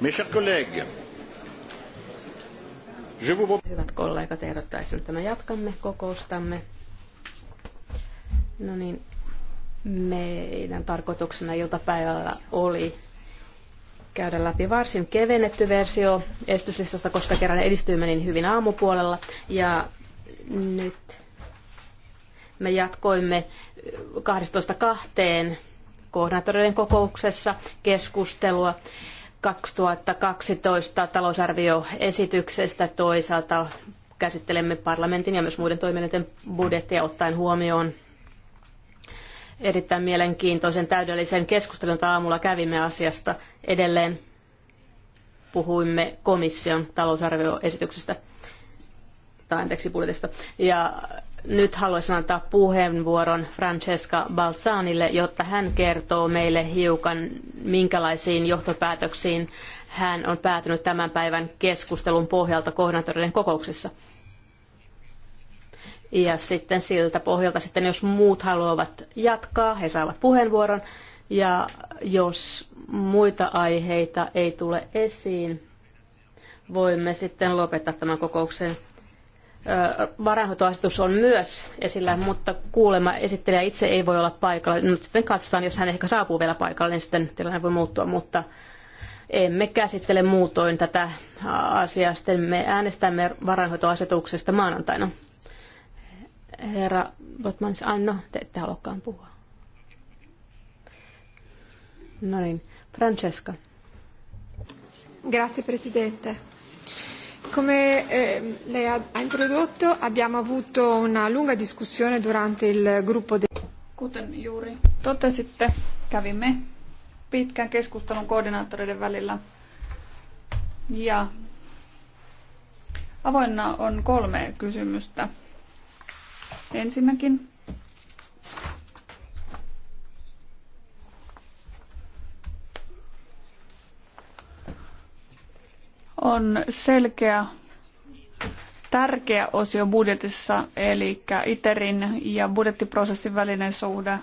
Mes chers collègues, je vous... Hyvät kollegat, ehdottaisin, että me jatkamme kokoustamme. No niin, meidän tarkoituksena iltapäivällä oli käydä läpi varsin kevennetty versio esityslistasta, koska kerran edistyimme niin hyvin aamupuolella. Ja nyt me jatkoimme 12.2. koordinaattoreiden kokouksessa keskustelua 2012 talousarvioesityksestä toisaalta käsittelemme parlamentin ja myös muiden toimijoiden budjettia ottaen huomioon erittäin mielenkiintoisen täydellisen keskustelun, jota aamulla kävimme asiasta. Edelleen puhuimme komission talousarvioesityksestä tai anteeksi budjetista. Ja nyt haluaisin antaa puheenvuoron Francesca Balzanille, jotta hän kertoo meille hiukan, minkälaisiin johtopäätöksiin hän on päätynyt tämän päivän keskustelun pohjalta koordinaattoreiden kokouksessa. Ja sitten siltä pohjalta sitten, jos muut haluavat jatkaa, he saavat puheenvuoron. Ja jos muita aiheita ei tule esiin, voimme sitten lopettaa tämän kokouksen varainhoitoasetus on myös esillä, mutta kuulemma esittelijä itse ei voi olla paikalla. Nyt sitten katsotaan, jos hän ehkä saapuu vielä paikalle, niin sitten tilanne voi muuttua, mutta emme käsittele muutoin tätä asiaa. Sitten me äänestämme varainhoitoasetuksesta maanantaina. Herra Botmanis, Anno, te ette puhua. No niin, Francesca. Grazie Presidente. Come eh, lei ha introdotto, abbiamo avuto una lunga discussione durante il gruppo del... Kuten juuri totesitte, kävimme pitkän keskustelun koordinaattoreiden välillä. Ja avoinna on kolme kysymystä. Ensinnäkin, on selkeä tärkeä osio budjetissa, eli ITERin ja budjettiprosessin välinen suhde.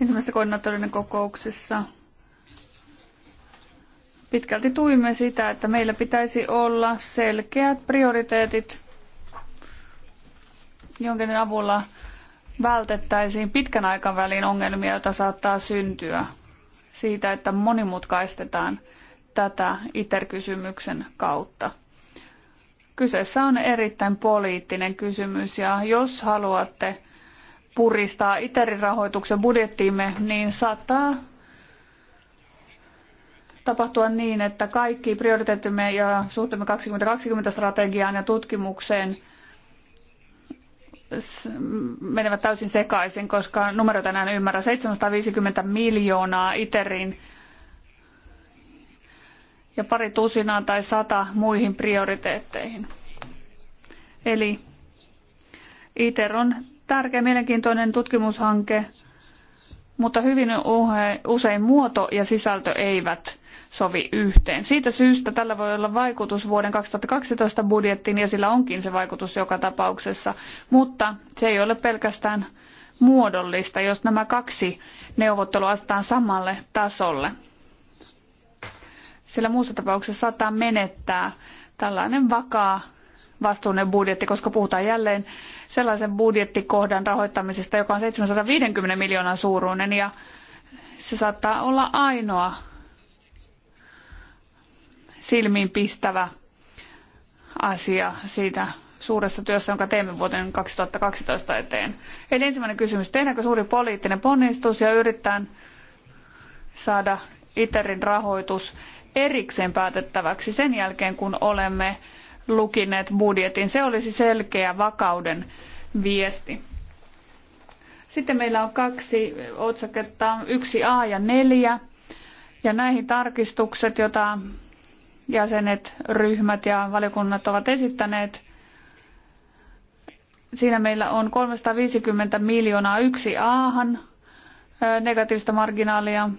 Ensimmäisessä koordinaattorinen kokouksessa pitkälti tuimme sitä, että meillä pitäisi olla selkeät prioriteetit, jonkin avulla vältettäisiin pitkän aikavälin ongelmia, joita saattaa syntyä siitä, että monimutkaistetaan tätä ITER-kysymyksen kautta. Kyseessä on erittäin poliittinen kysymys ja jos haluatte puristaa ITERin rahoituksen budjettiimme, niin saattaa tapahtua niin, että kaikki prioriteettimme ja suhteemme 2020 strategiaan ja tutkimukseen – menevät täysin sekaisin, koska numero tänään en ymmärrä. 750 miljoonaa ITERin ja pari tusinaa tai sata muihin prioriteetteihin. Eli ITER on tärkeä, mielenkiintoinen tutkimushanke, mutta hyvin usein muoto ja sisältö eivät sovi yhteen. Siitä syystä tällä voi olla vaikutus vuoden 2012 budjettiin ja sillä onkin se vaikutus joka tapauksessa, mutta se ei ole pelkästään muodollista, jos nämä kaksi neuvottelua astetaan samalle tasolle. Sillä muussa tapauksessa saattaa menettää tällainen vakaa vastuullinen budjetti, koska puhutaan jälleen sellaisen budjettikohdan rahoittamisesta, joka on 750 miljoonan suuruinen ja se saattaa olla ainoa silmiin pistävä asia siitä suuressa työssä, jonka teemme vuoden 2012 eteen. Eli ensimmäinen kysymys, tehdäänkö suuri poliittinen ponnistus ja yritetään saada ITERin rahoitus erikseen päätettäväksi sen jälkeen, kun olemme lukineet budjetin. Se olisi selkeä vakauden viesti. Sitten meillä on kaksi otsaketta, yksi a ja neljä, Ja näihin tarkistukset, joita jäsenet, ryhmät ja valiokunnat ovat esittäneet. Siinä meillä on 350 miljoonaa yksi aahan negatiivista marginaalia,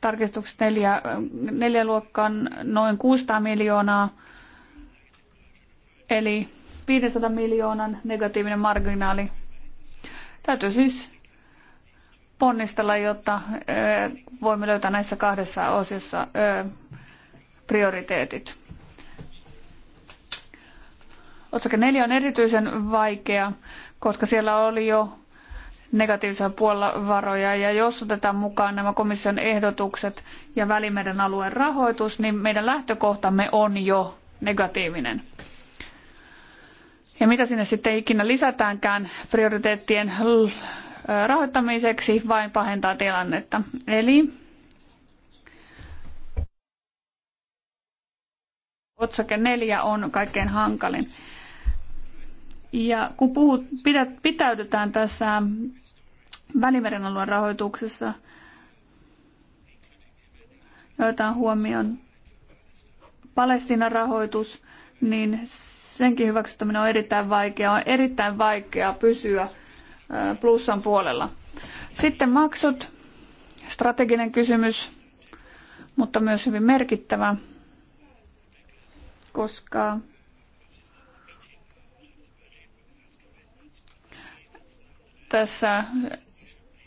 tarkistukset neljä, neljä luokkaan noin 600 miljoonaa, eli 500 miljoonan negatiivinen marginaali. Täytyy siis ponnistella, jotta voimme löytää näissä kahdessa osiossa prioriteetit. Otsake 4 on erityisen vaikea, koska siellä oli jo negatiivisella puolella varoja. Ja jos otetaan mukaan nämä komission ehdotukset ja Välimeren alueen rahoitus, niin meidän lähtökohtamme on jo negatiivinen. Ja mitä sinne sitten ikinä lisätäänkään prioriteettien rahoittamiseksi, vain pahentaa tilannetta. Eli otsake neljä on kaikkein hankalin. Ja kun puhut, pidät, pitäydytään tässä Välimeren alueen rahoituksessa, joitain huomioon Palestiinan rahoitus, niin senkin hyväksyttäminen on erittäin vaikeaa. On erittäin vaikeaa pysyä plussan puolella. Sitten maksut, strateginen kysymys, mutta myös hyvin merkittävä koska tässä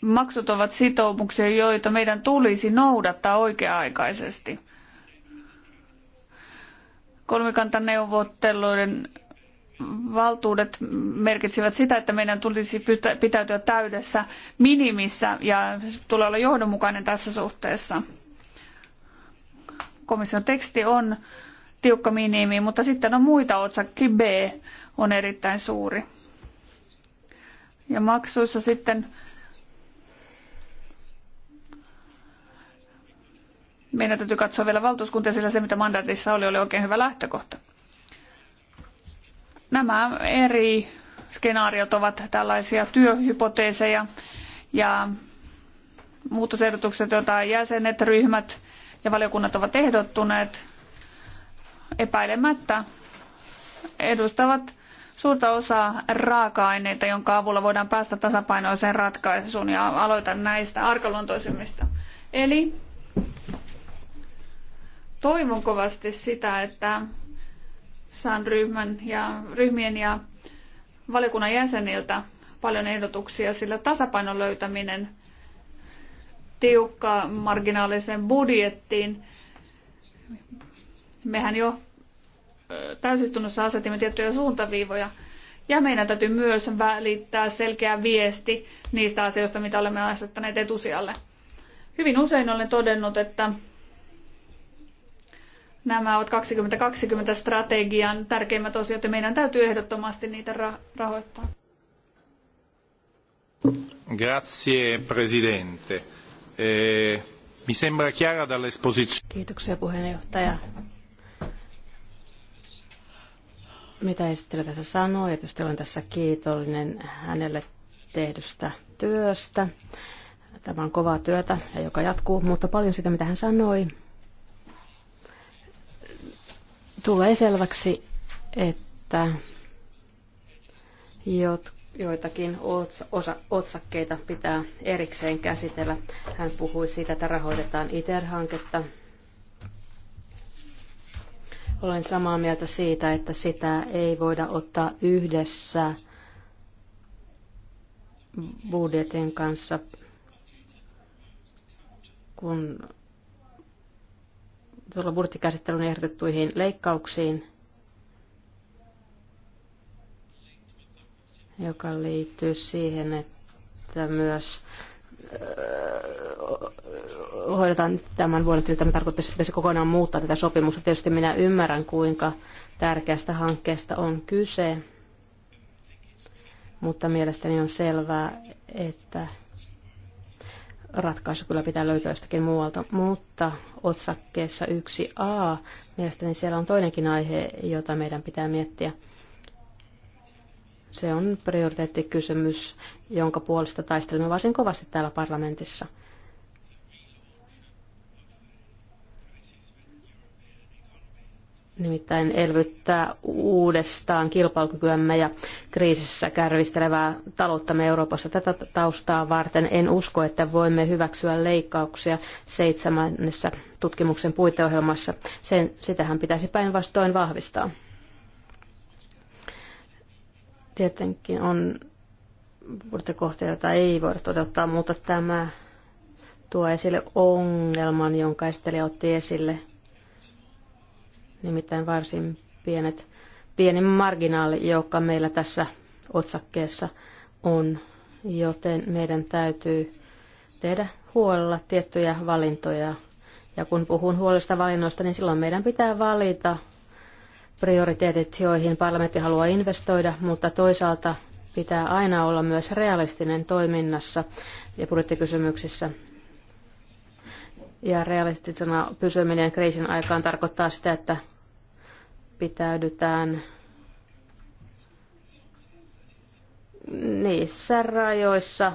maksut ovat sitoumuksia, joita meidän tulisi noudattaa oikea-aikaisesti. Kolmikantaneuvotteluiden valtuudet merkitsivät sitä, että meidän tulisi pitäytyä täydessä minimissä ja tulee olla johdonmukainen tässä suhteessa. Komission teksti on tiukka minimi, mutta sitten on muita otsakki B on erittäin suuri. Ja maksuissa sitten meidän täytyy katsoa vielä valtuuskuntia, sillä se mitä mandaatissa oli, oli oikein hyvä lähtökohta. Nämä eri skenaariot ovat tällaisia työhypoteeseja ja muutosehdotukset, joita jäsenet, ryhmät ja valiokunnat ovat ehdottuneet, epäilemättä edustavat suurta osaa raaka-aineita, jonka avulla voidaan päästä tasapainoiseen ratkaisuun ja aloitan näistä arkaluontoisimmista. Eli toivon kovasti sitä, että saan ryhmän ja, ryhmien ja valiokunnan jäseniltä paljon ehdotuksia, sillä tasapainon löytäminen tiukka marginaaliseen budjettiin Mehän jo täysistunnossa asetimme tiettyjä suuntaviivoja, ja meidän täytyy myös välittää selkeä viesti niistä asioista, mitä olemme asettaneet etusijalle. Hyvin usein olen todennut, että nämä ovat 2020 strategian tärkeimmät osiot ja meidän täytyy ehdottomasti niitä rahoittaa. Grazie Presidente. Eh, mi sembra chiara dall'esposizione. Kiitoksia puheenjohtaja. mitä esittely tässä sanoi, ja tietysti olen tässä kiitollinen hänelle tehdystä työstä. Tämä on kovaa työtä, ja joka jatkuu, mutta paljon sitä, mitä hän sanoi, tulee selväksi, että jot, joitakin ots, osa, otsakkeita pitää erikseen käsitellä. Hän puhui siitä, että rahoitetaan ITER-hanketta – olen samaa mieltä siitä, että sitä ei voida ottaa yhdessä budjetin kanssa, kun tuolla budjettikäsittelyn ehdotettuihin leikkauksiin, joka liittyy siihen, että myös hoidetaan tämän vuoden, että tämä tarkoittaisi, että se kokonaan muuttaa tätä sopimusta. Tietysti minä ymmärrän, kuinka tärkeästä hankkeesta on kyse, mutta mielestäni on selvää, että ratkaisu kyllä pitää löytyä jostakin muualta, mutta otsakkeessa 1a, mielestäni siellä on toinenkin aihe, jota meidän pitää miettiä – se on prioriteettikysymys, jonka puolesta taistelemme varsin kovasti täällä parlamentissa. nimittäin elvyttää uudestaan kilpailukykyämme ja kriisissä kärvistelevää talouttamme Euroopassa. Tätä taustaa varten en usko, että voimme hyväksyä leikkauksia seitsemännessä tutkimuksen puiteohjelmassa. Sen, sitähän pitäisi päinvastoin vahvistaa. Tietenkin on budjettikohtia, joita ei voida toteuttaa, mutta tämä tuo esille ongelman, jonka esittelijä otti esille. Nimittäin varsin pienet, pieni marginaali, joka meillä tässä otsakkeessa on, joten meidän täytyy tehdä huolella tiettyjä valintoja. Ja kun puhun huolista valinnoista, niin silloin meidän pitää valita prioriteetit, joihin parlamentti haluaa investoida, mutta toisaalta pitää aina olla myös realistinen toiminnassa ja budjettikysymyksissä. Ja realistisena pysyminen kriisin aikaan tarkoittaa sitä, että pitäydytään niissä rajoissa,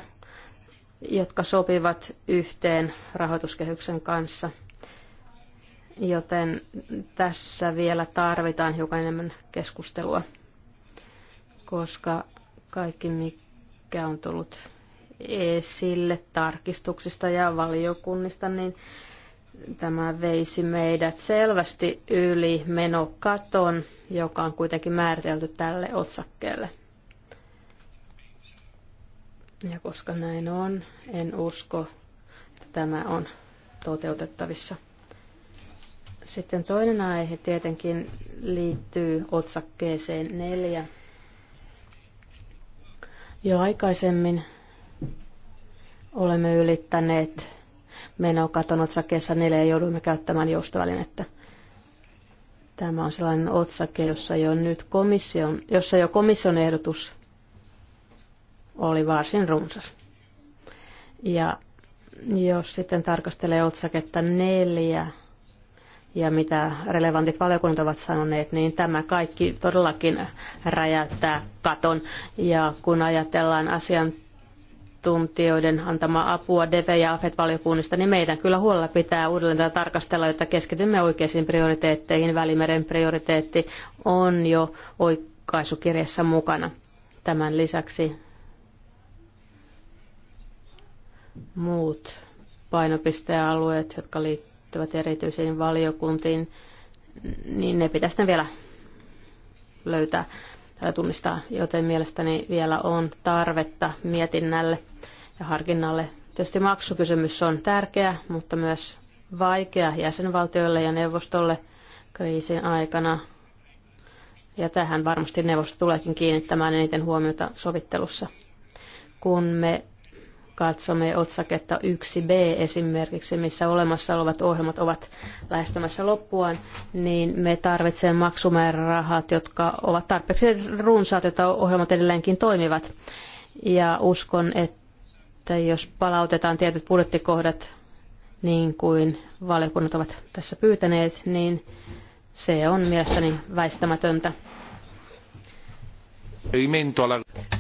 jotka sopivat yhteen rahoituskehyksen kanssa – joten tässä vielä tarvitaan hiukan enemmän keskustelua, koska kaikki mikä on tullut esille tarkistuksista ja valiokunnista, niin tämä veisi meidät selvästi yli menokaton, joka on kuitenkin määritelty tälle otsakkeelle. Ja koska näin on, en usko, että tämä on toteutettavissa. Sitten toinen aihe tietenkin liittyy otsakkeeseen neljä. Jo aikaisemmin olemme ylittäneet menokaton otsakkeessa neljä ja joudumme käyttämään joustovälinettä. Tämä on sellainen otsake, jossa jo nyt komission, jossa jo komission ehdotus oli varsin runsas. Ja jos sitten tarkastelee otsaketta neljä, ja mitä relevantit valiokunnat ovat sanoneet, niin tämä kaikki todellakin räjäyttää katon. Ja kun ajatellaan asiantuntijoiden antamaa apua DEVE- ja AFET-valiokunnista, niin meidän kyllä huolella pitää uudelleen tätä tarkastella, jotta keskitymme oikeisiin prioriteetteihin. Välimeren prioriteetti on jo oikaisukirjassa mukana. Tämän lisäksi muut painopistealueet, jotka liittyvät liittyvät erityisiin valiokuntiin, niin ne pitäisi ne vielä löytää tai tunnistaa, joten mielestäni vielä on tarvetta mietinnälle ja harkinnalle. Tietysti maksukysymys on tärkeä, mutta myös vaikea jäsenvaltioille ja neuvostolle kriisin aikana. Ja tähän varmasti neuvosto tuleekin kiinnittämään eniten huomiota sovittelussa. Kun me katsomme otsaketta 1b esimerkiksi, missä olemassa olevat ohjelmat ovat lähestymässä loppuaan, niin me tarvitsemme maksumäärärahat, jotka ovat tarpeeksi runsaat, jotta ohjelmat edelleenkin toimivat. Ja uskon, että jos palautetaan tietyt budjettikohdat niin kuin valiokunnat ovat tässä pyytäneet, niin se on mielestäni väistämätöntä.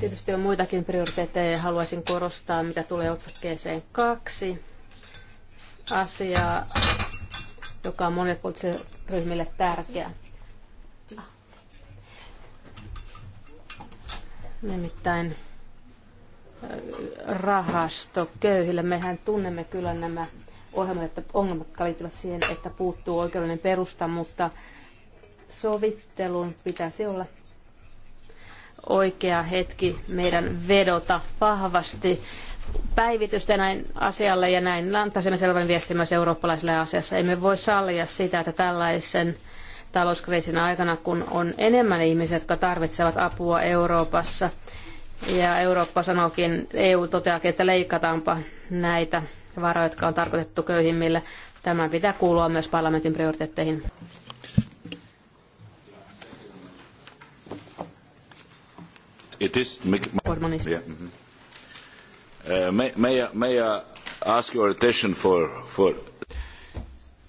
Tietysti on muitakin prioriteetteja ja haluaisin korostaa, mitä tulee otsakkeeseen kaksi asiaa, joka on monille ryhmille tärkeä. Nimittäin rahasto köyhille. Mehän tunnemme kyllä nämä ohjelmat, että ongelmat liittyvät siihen, että puuttuu oikeudellinen perusta, mutta sovittelun pitäisi olla oikea hetki meidän vedota vahvasti päivitystä näin asialle ja näin antaisimme selvän viestin myös eurooppalaisille asiassa. Emme voi sallia sitä, että tällaisen talouskriisin aikana, kun on enemmän ihmisiä, jotka tarvitsevat apua Euroopassa, ja Eurooppa sanookin, EU toteakin, että leikataanpa näitä varoja, jotka on tarkoitettu köyhimmille. Tämän pitää kuulua myös parlamentin prioriteetteihin. It is... Yeah. Mm -hmm. uh, may, may, may I ask your attention for, for...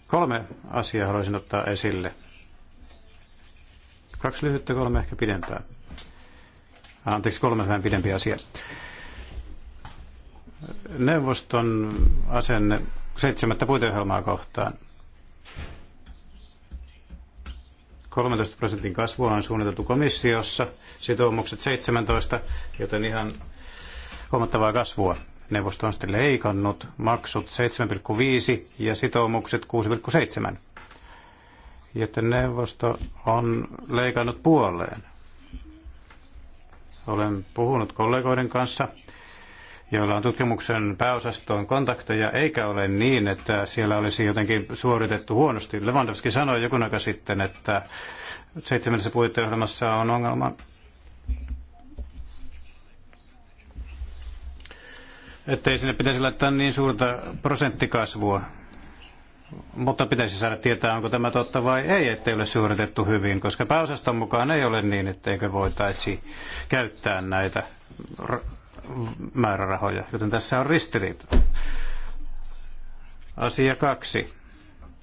Kolme asiaa haluaisin ottaa esille. Kaksi lyhyttä, kolme ehkä pidempää. Ah, anteeksi, kolme vähän pidempi asia. Neuvoston asenne seitsemättä puiteohjelmaa kohtaan. 13 prosentin kasvua on suunniteltu komissiossa, sitoumukset 17, joten ihan huomattavaa kasvua. Neuvosto on sitten leikannut maksut 7,5 ja sitoumukset 6,7, joten neuvosto on leikannut puoleen. Olen puhunut kollegoiden kanssa joilla on tutkimuksen pääosastoon kontakteja, eikä ole niin, että siellä olisi jotenkin suoritettu huonosti. Lewandowski sanoi jokun aika sitten, että seitsemännessä puitteohjelmassa on ongelma ettei sinne pitäisi laittaa niin suurta prosenttikasvua. Mutta pitäisi saada tietää, onko tämä totta vai ei, ettei ole suoritettu hyvin, koska pääosaston mukaan ei ole niin, etteikö voitaisi käyttää näitä määrärahoja, joten tässä on ristiriita. Asia kaksi.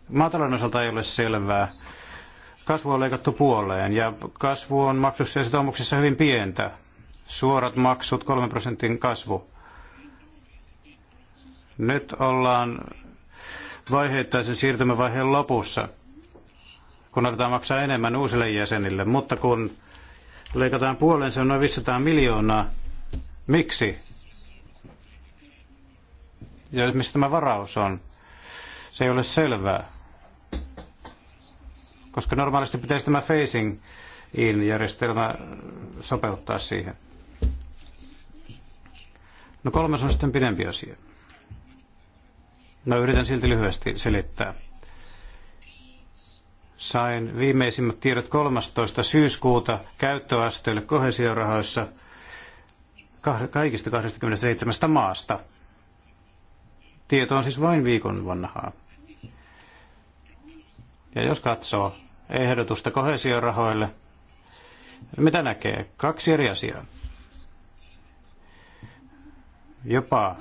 Maatalouden osalta ei ole selvää. Kasvu on leikattu puoleen ja kasvu on maksussa ja sitoumuksissa hyvin pientä. Suorat maksut, 3 prosentin kasvu. Nyt ollaan vaiheittaisen siirtymävaiheen lopussa, kun aletaan maksaa enemmän uusille jäsenille, mutta kun leikataan puoleen, se on noin 500 miljoonaa, Miksi? Ja mistä tämä varaus on? Se ei ole selvää. Koska normaalisti pitäisi tämä facing in järjestelmä sopeuttaa siihen. No kolmas on sitten pidempi asia. No yritän silti lyhyesti selittää. Sain viimeisimmät tiedot 13. syyskuuta käyttöasteelle kohesiorahoissa – kaikista 27 maasta. Tieto on siis vain viikon vanhaa. Ja jos katsoo ehdotusta kohesiorahoille, mitä näkee? Kaksi eri asiaa. Jopa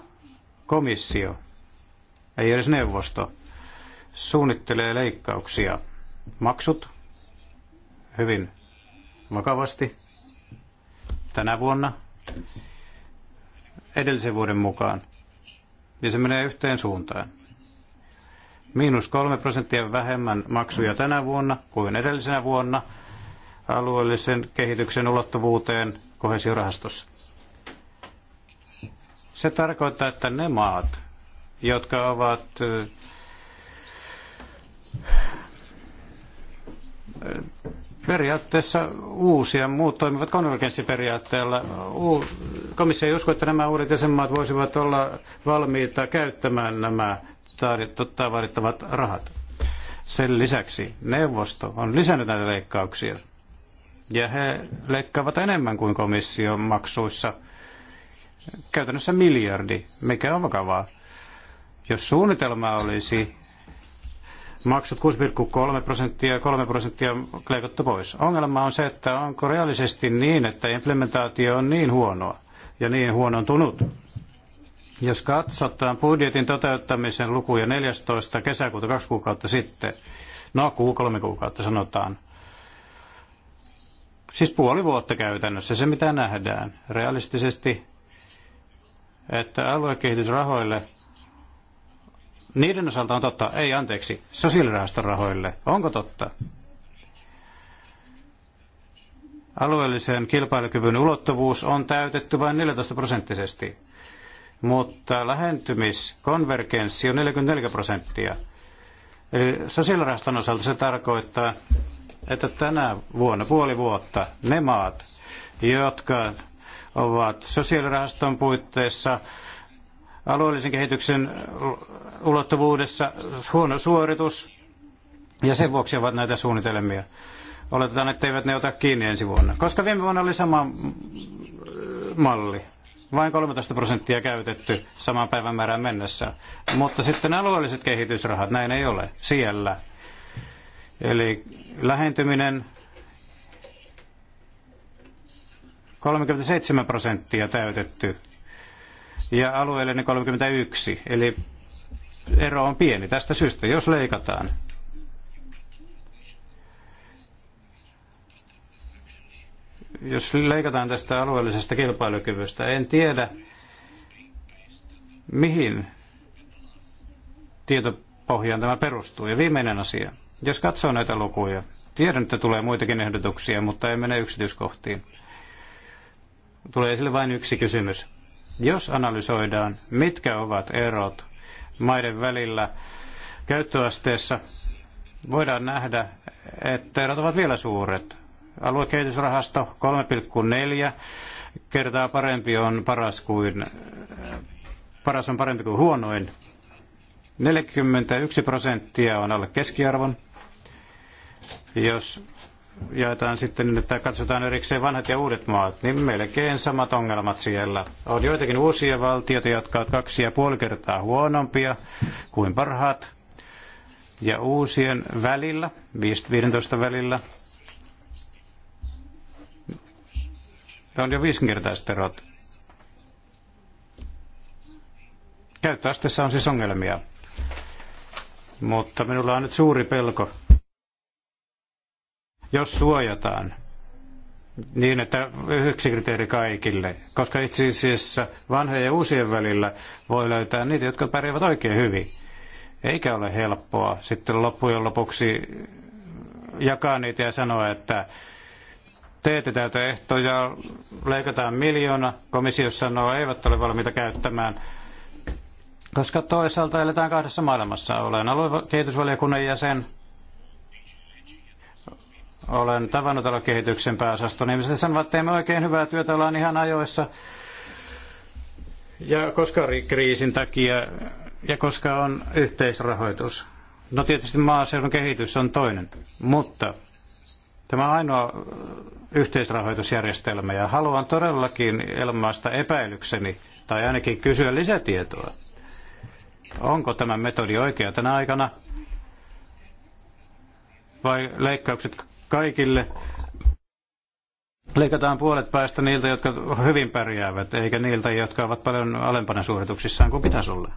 komissio, ei edes neuvosto, suunnittelee leikkauksia. Maksut hyvin vakavasti tänä vuonna edellisen vuoden mukaan. Ja se menee yhteen suuntaan. Miinus kolme prosenttia vähemmän maksuja tänä vuonna kuin edellisenä vuonna alueellisen kehityksen ulottuvuuteen kohesiorahastossa. Se tarkoittaa, että ne maat, jotka ovat periaatteessa uusia, muut toimivat konvergenssiperiaatteella komissio ei usko, että nämä uudet jäsenmaat voisivat olla valmiita käyttämään nämä vaadittavat rahat. Sen lisäksi neuvosto on lisännyt näitä leikkauksia. Ja he leikkaavat enemmän kuin komission maksuissa. Käytännössä miljardi, mikä on vakavaa. Jos suunnitelma olisi maksut 6,3 prosenttia ja 3 prosenttia leikattu pois. Ongelma on se, että onko realisesti niin, että implementaatio on niin huonoa ja niin huonontunut. Jos katsotaan budjetin toteuttamisen lukuja 14. kesäkuuta kaksi kuukautta sitten, no kuu, kolme kuukautta sanotaan, siis puoli vuotta käytännössä se mitä nähdään realistisesti, että aluekehitysrahoille niiden osalta on totta, ei anteeksi, sosiaalirahastorahoille, Onko totta? alueellisen kilpailukyvyn ulottuvuus on täytetty vain 14 prosenttisesti, mutta lähentymiskonvergenssi on 44 prosenttia. Eli sosiaalirahaston osalta se tarkoittaa, että tänä vuonna puoli vuotta ne maat, jotka ovat sosiaalirahaston puitteissa alueellisen kehityksen ulottuvuudessa huono suoritus, ja sen vuoksi ovat näitä suunnitelmia. Oletetaan, että eivät ne ota kiinni ensi vuonna. Koska viime vuonna oli sama malli. Vain 13 prosenttia käytetty saman päivän määrään mennessä. Mutta sitten alueelliset kehitysrahat, näin ei ole siellä. Eli lähentyminen 37 prosenttia täytetty ja alueellinen 31. Eli ero on pieni tästä syystä, jos leikataan jos leikataan tästä alueellisesta kilpailukyvystä, en tiedä, mihin tietopohjaan tämä perustuu. Ja viimeinen asia, jos katsoo näitä lukuja, tiedän, että tulee muitakin ehdotuksia, mutta ei mene yksityiskohtiin. Tulee esille vain yksi kysymys. Jos analysoidaan, mitkä ovat erot maiden välillä käyttöasteessa, voidaan nähdä, että erot ovat vielä suuret aluekehitysrahasto 3,4 kertaa parempi on paras kuin paras on parempi kuin huonoin. 41 prosenttia on alle keskiarvon. Jos jaetaan sitten, niin, että katsotaan erikseen vanhat ja uudet maat, niin melkein samat ongelmat siellä. On joitakin uusia valtioita, jotka ovat kaksi ja puoli kertaa huonompia kuin parhaat. Ja uusien välillä, 15 välillä, Tämä on jo viisinkertaiset erot. Käyttöasteessa on siis ongelmia. Mutta minulla on nyt suuri pelko. Jos suojataan niin, että yksi kriteeri kaikille, koska itse asiassa vanhojen ja uusien välillä voi löytää niitä, jotka pärjäävät oikein hyvin. Eikä ole helppoa sitten loppujen lopuksi jakaa niitä ja sanoa, että teette täytä ehtoja, leikataan miljoona, komissio sanoo, eivät ole valmiita käyttämään. Koska toisaalta eletään kahdessa maailmassa. Olen aluekehitysvaliokunnan jäsen, olen tavannut aluekehityksen pääosaston ihmiset sanovat, että teemme oikein hyvää työtä, ollaan ihan ajoissa. Ja koska kriisin takia ja koska on yhteisrahoitus. No tietysti maaseudun kehitys on toinen, mutta Tämä on ainoa yhteisrahoitusjärjestelmä ja haluan todellakin ilmaista epäilykseni tai ainakin kysyä lisätietoa. Onko tämä metodi oikea tänä aikana vai leikkaukset kaikille? Leikataan puolet päästä niiltä, jotka hyvin pärjäävät, eikä niiltä, jotka ovat paljon alempana suorituksissaan kuin pitäisi olla.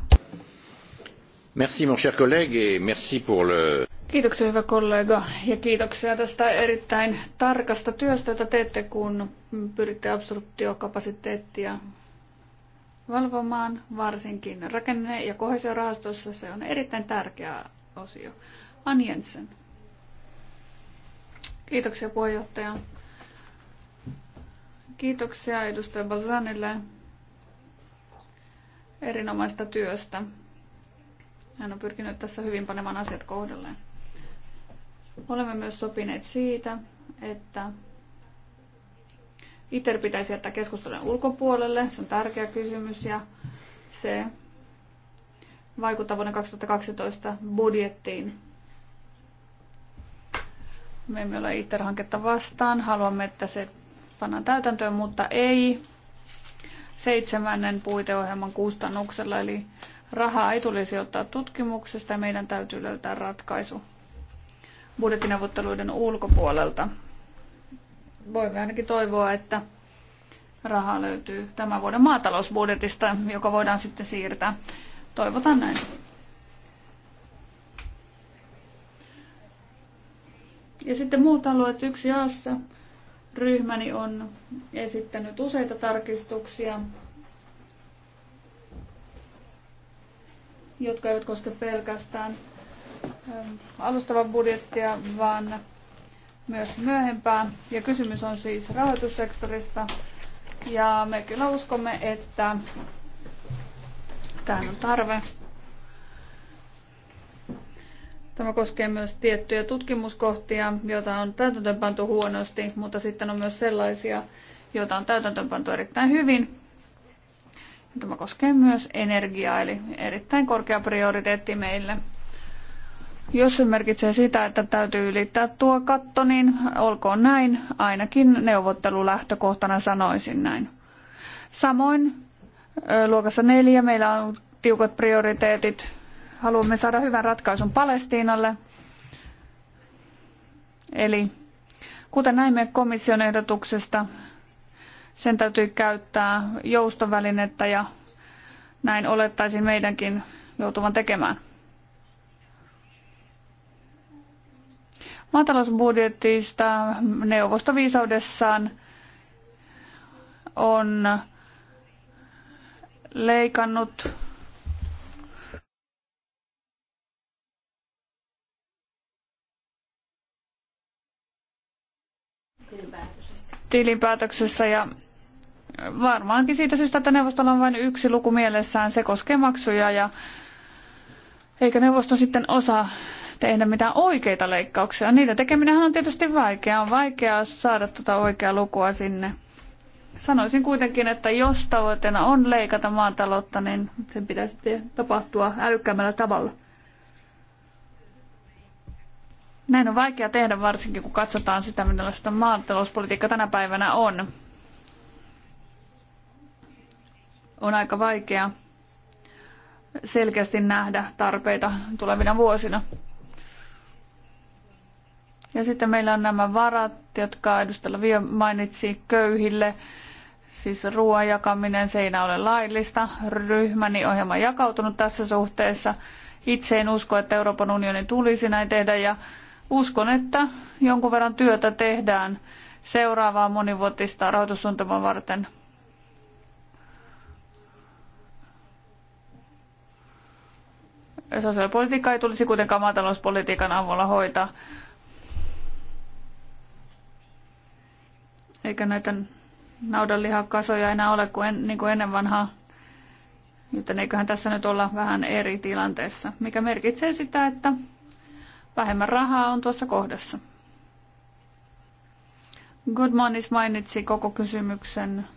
Merci mon cher collègue et merci pour le... Kiitoksia hyvä kollega ja kiitoksia tästä erittäin tarkasta työstä, jota teette, kun pyritte absorptiokapasiteettia valvomaan, varsinkin rakenne- ja kohesiorahastossa se on erittäin tärkeä osio. Anjensen, Kiitoksia puheenjohtaja. Kiitoksia edustaja Bazanille erinomaista työstä. Hän on pyrkinyt tässä hyvin panemaan asiat kohdalleen. Olemme myös sopineet siitä, että ITER pitäisi jättää keskustelun ulkopuolelle. Se on tärkeä kysymys ja se vaikuttaa vuoden 2012 budjettiin. Me emme ole ITER-hanketta vastaan. Haluamme, että se pannaan täytäntöön, mutta ei seitsemännen puiteohjelman kustannuksella, eli Rahaa ei tulisi ottaa tutkimuksesta ja meidän täytyy löytää ratkaisu budjettineuvotteluiden ulkopuolelta. Voimme ainakin toivoa, että rahaa löytyy tämän vuoden maatalousbudjetista, joka voidaan sitten siirtää. Toivotan näin. Ja sitten muut alueet yksi aassa. Ryhmäni on esittänyt useita tarkistuksia jotka eivät koske pelkästään ähm, alustavan budjettia, vaan myös myöhempää. Ja kysymys on siis rahoitussektorista. Ja me kyllä uskomme, että tähän on tarve. Tämä koskee myös tiettyjä tutkimuskohtia, joita on täytäntöönpantu huonosti, mutta sitten on myös sellaisia, joita on täytäntöönpantu erittäin hyvin. Tämä koskee myös energiaa, eli erittäin korkea prioriteetti meille. Jos se merkitsee sitä, että täytyy ylittää tuo katto, niin olkoon näin. Ainakin neuvottelulähtökohtana sanoisin näin. Samoin luokassa neljä meillä on tiukat prioriteetit. Haluamme saada hyvän ratkaisun Palestiinalle. Eli kuten näimme komission ehdotuksesta, sen täytyy käyttää joustovälinettä ja näin olettaisin meidänkin joutuvan tekemään. Maatalousbudjetista neuvostoviisaudessaan on leikannut tilinpäätöksessä ja varmaankin siitä syystä, että neuvostolla on vain yksi luku mielessään, se koskee maksuja ja eikä neuvosto sitten osaa tehdä mitään oikeita leikkauksia. Niitä tekeminen on tietysti vaikeaa. On vaikeaa saada tuota oikeaa lukua sinne. Sanoisin kuitenkin, että jos tavoitteena on leikata maataloutta, niin sen pitäisi tapahtua älykkäämmällä tavalla. Näin on vaikea tehdä varsinkin, kun katsotaan sitä, millaista maatalouspolitiikka tänä päivänä on. on aika vaikea selkeästi nähdä tarpeita tulevina vuosina. Ja sitten meillä on nämä varat, jotka edustalla vielä mainitsi köyhille. Siis ruoan jakaminen, se ei ole laillista. Ryhmäni ohjelma jakautunut tässä suhteessa. Itse en usko, että Euroopan unionin tulisi näin tehdä ja uskon, että jonkun verran työtä tehdään seuraavaa monivuotista rahoitussuunnitelmaa varten – sosiaalipolitiikka ei tulisi kuitenkaan maatalouspolitiikan avulla hoitaa. Eikä näitä naudanlihakasoja enää ole kuin, en, niin kuin ennen vanhaa. Joten eiköhän tässä nyt olla vähän eri tilanteessa, mikä merkitsee sitä, että vähemmän rahaa on tuossa kohdassa. Goodmanis mainitsi koko kysymyksen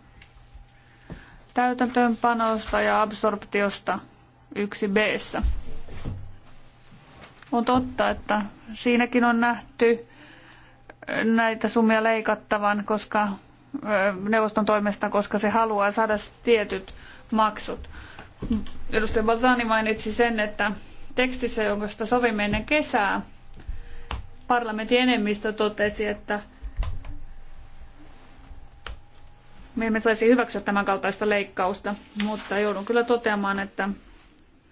täytäntöönpanosta ja absorptiosta 1b. On totta, että siinäkin on nähty näitä summia leikattavan, koska neuvoston toimesta, koska se haluaa saada tietyt maksut. Edustaja Balzani mainitsi sen, että tekstissä, jonka sitä sovimme ennen kesää, parlamentin enemmistö totesi, että me emme saisi hyväksyä tämän kaltaista leikkausta, mutta joudun kyllä toteamaan, että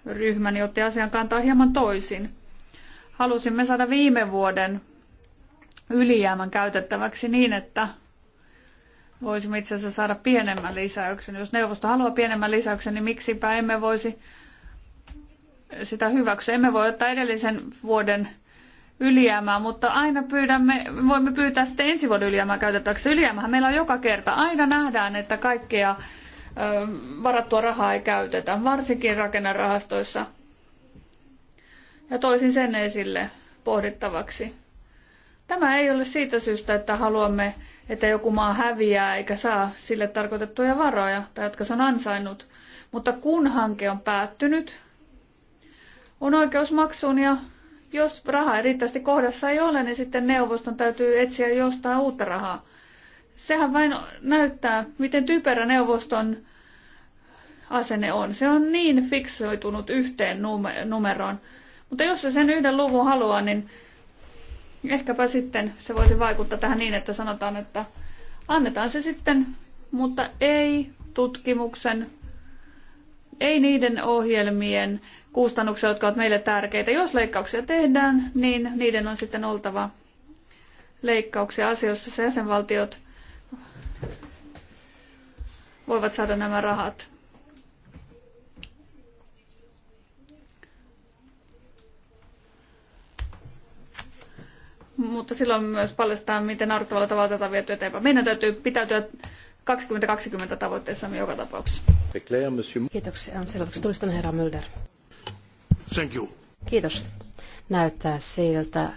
ryhmäni otti asian kantaa hieman toisin. Halusimme saada viime vuoden ylijäämän käytettäväksi niin, että voisimme itse asiassa saada pienemmän lisäyksen. Jos neuvosto haluaa pienemmän lisäyksen, niin miksipä emme voisi sitä hyväksyä. Emme voi ottaa edellisen vuoden ylijäämää, mutta aina pyydämme, voimme pyytää sitten ensi vuoden ylijäämää käytettäväksi. Ylijäämähän meillä on joka kerta. Aina nähdään, että kaikkea varattua rahaa ei käytetä, varsinkin rakennerahastoissa ja toisin sen esille pohdittavaksi. Tämä ei ole siitä syystä, että haluamme, että joku maa häviää eikä saa sille tarkoitettuja varoja tai jotka se on ansainnut. Mutta kun hanke on päättynyt, on oikeus maksuun ja jos raha erittäin kohdassa ei ole, niin sitten neuvoston täytyy etsiä jostain uutta rahaa. Sehän vain näyttää, miten typerä neuvoston asenne on. Se on niin fiksoitunut yhteen numeroon. Mutta jos se sen yhden luvun haluaa, niin ehkäpä sitten se voisi vaikuttaa tähän niin, että sanotaan, että annetaan se sitten, mutta ei tutkimuksen, ei niiden ohjelmien kustannuksia, jotka ovat meille tärkeitä. Jos leikkauksia tehdään, niin niiden on sitten oltava leikkauksia asioissa, joissa jäsenvaltiot voivat saada nämä rahat. mutta silloin myös paljastetaan, miten naurettavalla tavalla tätä on viety eteenpäin. Meidän täytyy pitäytyä 2020 tavoitteessamme joka tapauksessa. Kiitoksia. On tulisi tänne herra Mölder. Thank you. Kiitos. Näyttää siltä,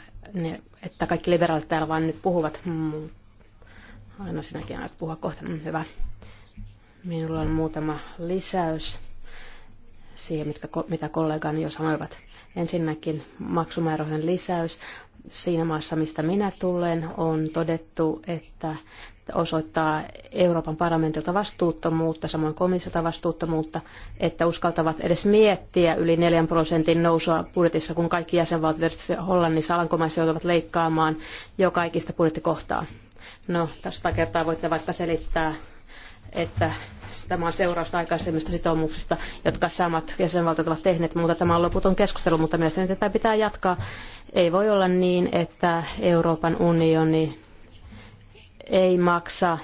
että kaikki liberaalit täällä vain nyt puhuvat. Aina sinäkin aina puhua kohta. Mm, hyvä. Minulla on muutama lisäys siihen, mitkä, mitä kollegani jo sanoivat. Ensinnäkin maksumäärähän lisäys siinä maassa, mistä minä tulen, on todettu, että osoittaa Euroopan parlamentilta vastuuttomuutta, samoin komissiota vastuuttomuutta, että uskaltavat edes miettiä yli 4 prosentin nousua budjetissa, kun kaikki jäsenvaltiot Hollannissa alankomaissa joutuvat leikkaamaan jo kaikista budjettikohtaa. No, tästä kertaa voitte vaikka selittää että tämä on seurausta aikaisemmista sitoumuksista, jotka samat jäsenvaltiot ovat tehneet, mutta tämä on loputon keskustelu, mutta mielestäni tätä pitää jatkaa. Ei voi olla niin, että Euroopan unioni ei maksa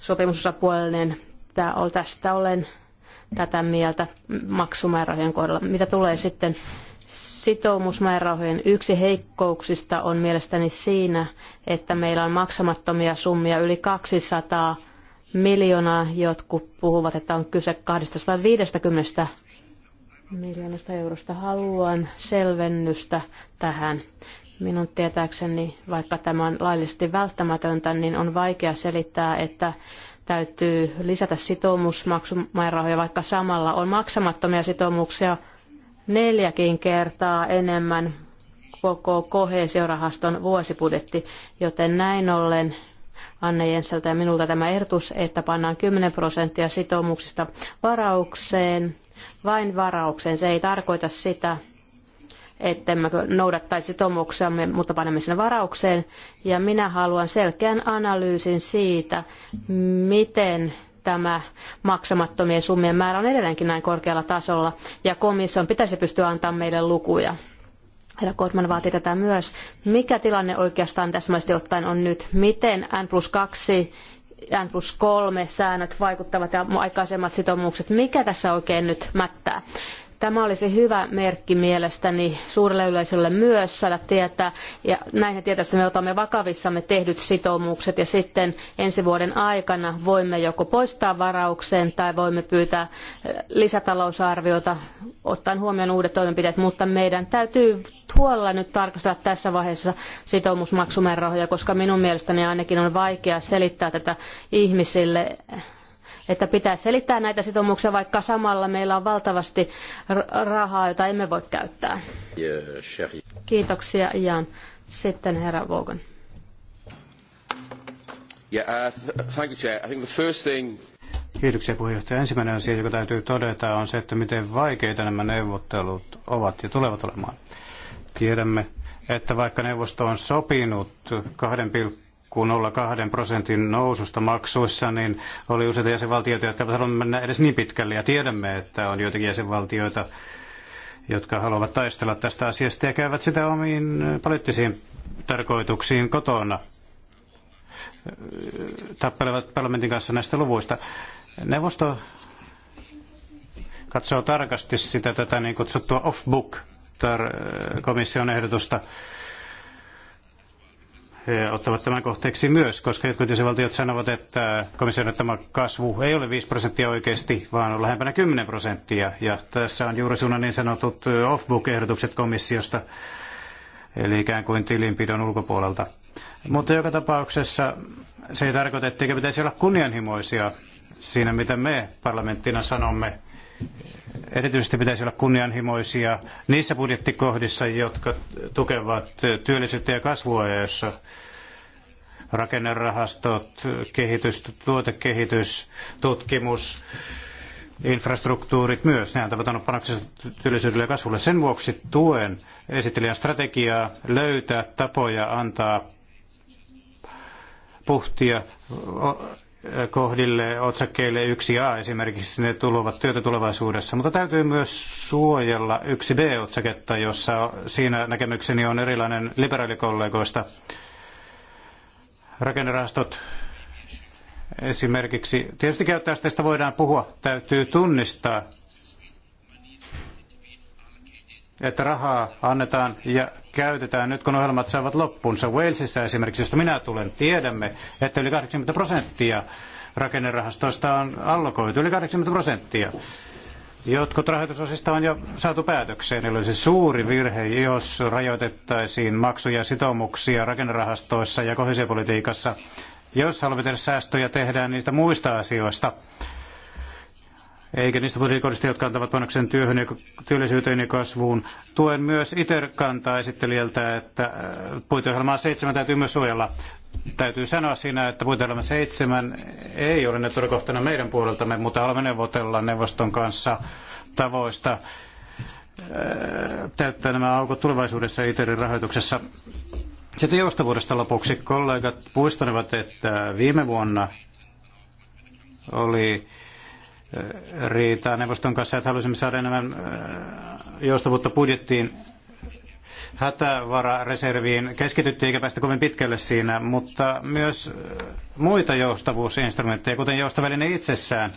sopimusosapuolinen. Tästä olen tätä mieltä maksumäärärahojen kohdalla. Mitä tulee sitten Sitoumusmäärärahojen yksi heikkouksista on mielestäni siinä, että meillä on maksamattomia summia yli 200 miljoonaa. Jotkut puhuvat, että on kyse 250 miljoonasta eurosta. Haluan selvennystä tähän. Minun tietääkseni, vaikka tämä on laillisesti välttämätöntä, niin on vaikea selittää, että täytyy lisätä sitoumusmaksumäärärahoja, vaikka samalla on maksamattomia sitoumuksia – neljäkin kertaa enemmän koko kohesiorahaston vuosibudjetti, joten näin ollen Anne Jensseltä ja minulta tämä ehdotus, että pannaan 10 prosenttia sitoumuksista varaukseen, vain varaukseen. Se ei tarkoita sitä, ettemmekö noudattaisi sitoumuksiamme, mutta panemme sen varaukseen. Ja minä haluan selkeän analyysin siitä, miten tämä maksamattomien summien määrä on edelleenkin näin korkealla tasolla, ja komission pitäisi pystyä antamaan meille lukuja. Herra Kortman vaatii tätä myös. Mikä tilanne oikeastaan täsmällisesti ottaen on nyt? Miten N plus 2 N plus 3 säännöt vaikuttavat ja aikaisemmat sitoumukset? Mikä tässä oikein nyt mättää? Tämä olisi hyvä merkki mielestäni suurelle yleisölle myös saada tietää, ja näihin tietysti me otamme vakavissamme tehdyt sitoumukset, ja sitten ensi vuoden aikana voimme joko poistaa varauksen tai voimme pyytää eh, lisätalousarviota ottaen huomioon uudet toimenpiteet, mutta meidän täytyy huolella nyt tarkastella tässä vaiheessa sitoumusmaksumäärärahoja, koska minun mielestäni ainakin on vaikea selittää tätä ihmisille että pitää selittää näitä sitoumuksia, vaikka samalla meillä on valtavasti rahaa, jota emme voi käyttää. Kiitoksia Jan. Sitten herra Vogan. Uh, Kiitoksia puheenjohtaja. Ensimmäinen asia, joka täytyy todeta, on se, että miten vaikeita nämä neuvottelut ovat ja tulevat olemaan. Tiedämme, että vaikka neuvosto on sopinut 0,02 prosentin noususta maksuissa, niin oli useita jäsenvaltioita, jotka eivät halunneet mennä edes niin pitkälle. Ja tiedämme, että on joitakin jäsenvaltioita, jotka haluavat taistella tästä asiasta ja käyvät sitä omiin poliittisiin tarkoituksiin kotona. Tappelevat parlamentin kanssa näistä luvuista. Neuvosto katsoo tarkasti sitä tätä niin kutsuttua off-book komission ehdotusta ottavat tämän kohteeksi myös, koska jotkut jäsenvaltiot sanovat, että komission ottama kasvu ei ole 5 prosenttia oikeasti, vaan on lähempänä 10 prosenttia. Ja tässä on juuri suunnan niin sanotut off-book-ehdotukset komissiosta, eli ikään kuin tilinpidon ulkopuolelta. Mutta joka tapauksessa se ei tarkoita, etteikö pitäisi olla kunnianhimoisia siinä, mitä me parlamenttina sanomme Erityisesti pitäisi olla kunnianhimoisia niissä budjettikohdissa, jotka tukevat työllisyyttä ja kasvua, jossa rakennerahastot, kehitys, tuotekehitys, tutkimus, infrastruktuurit myös. Ne antavat on panoksensa työllisyydelle ja kasvulle. Sen vuoksi tuen esittelijän strategiaa löytää tapoja antaa puhtia kohdille, otsakkeille 1a esimerkiksi, ne tulevat työtä tulevaisuudessa, mutta täytyy myös suojella 1b-otsaketta, jossa siinä näkemykseni on erilainen liberaalikollegoista. Rakennerahastot esimerkiksi, tietysti käyttäjästä voidaan puhua, täytyy tunnistaa että rahaa annetaan ja käytetään nyt, kun ohjelmat saavat loppuunsa Walesissa esimerkiksi, josta minä tulen, tiedämme, että yli 80 prosenttia rakennerahastoista on allokoitu, yli 80 prosenttia. Jotkut rahoitusosista on jo saatu päätökseen, eli olisi suuri virhe, jos rajoitettaisiin maksuja ja sitoumuksia rakennerahastoissa ja kohesiopolitiikassa. Jos haluamme tehdä säästöjä, tehdään niistä muista asioista eikä niistä poliikoista, jotka antavat panoksen työhön ja työllisyyteen ja kasvuun. Tuen myös ITER-kantaa esittelijältä, että äh, puiteohjelmaa 7 täytyy myös suojella. Täytyy sanoa siinä, että puitohjelma 7 ei ole kohtana meidän puoleltamme, mutta haluamme neuvotella neuvoston kanssa tavoista äh, täyttää nämä aukot tulevaisuudessa ITERin rahoituksessa. Sitten joustavuudesta lopuksi kollegat puistanevat, että viime vuonna oli riitaa neuvoston kanssa, että halusimme saada enemmän äh, joustavuutta budjettiin hätävarareserviin keskityttiin eikä päästä kovin pitkälle siinä, mutta myös äh, muita joustavuusinstrumentteja, kuten joustoväline itsessään,